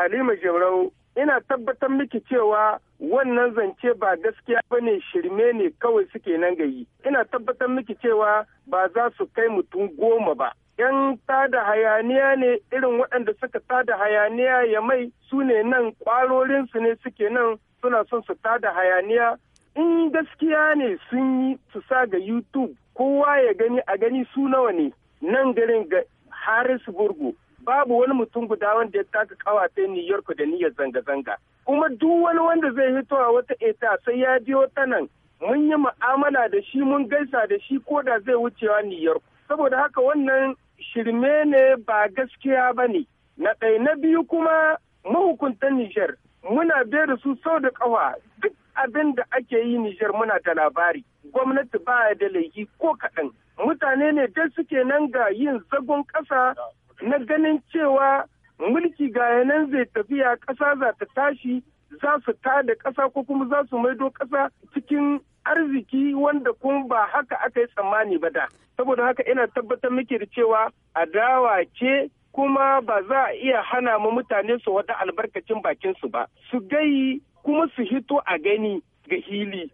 halima jimrau ina tabbatar miki cewa wannan zance ba gaskiya ba ne shirme ne kawai suke nan gayi ina tabbatar miki cewa ba za su kai mutum goma ba yan tada hayaniya ne irin waɗanda suka tada hayaniya ya mai su ne nan ƙwarorinsu ne suke nan suna son su tada hayaniya in gaskiya ne sun yi su sa ga youtube kowa ya gani a gani su nawa ne nan garin ga harisu burgu babu wani mutum guda wanda ya taka kawafe New York da niyyar zanga-zanga. Kuma duk wani wanda zai hito a wata eta sai ya biyo ta nan mun yi mu'amala da shi mun gaisa da shi ko da zai wucewa New York. Saboda haka wannan shirme ne ba gaskiya ba ne. Na ɗaya na biyu kuma mahukuntan Nijar muna bai da su sau da ƙafa duk abin da ake yi Nijar muna da labari. Gwamnati ba da laifi ko kaɗan. Mutane ne dai suke nan ga yin zagon ƙasa na ganin cewa mulki ga yanan zai tafiya ƙasa za ta tashi za su da ƙasa ko kuma za su maido ƙasa cikin arziki wanda kuma ba haka aka yi tsammani ba da saboda haka ina tabbatar muke da cewa adawa ce kuma ba za a iya hana mu mutane su wata albarkacin bakinsu ba su gayi kuma su hito a gani ga hili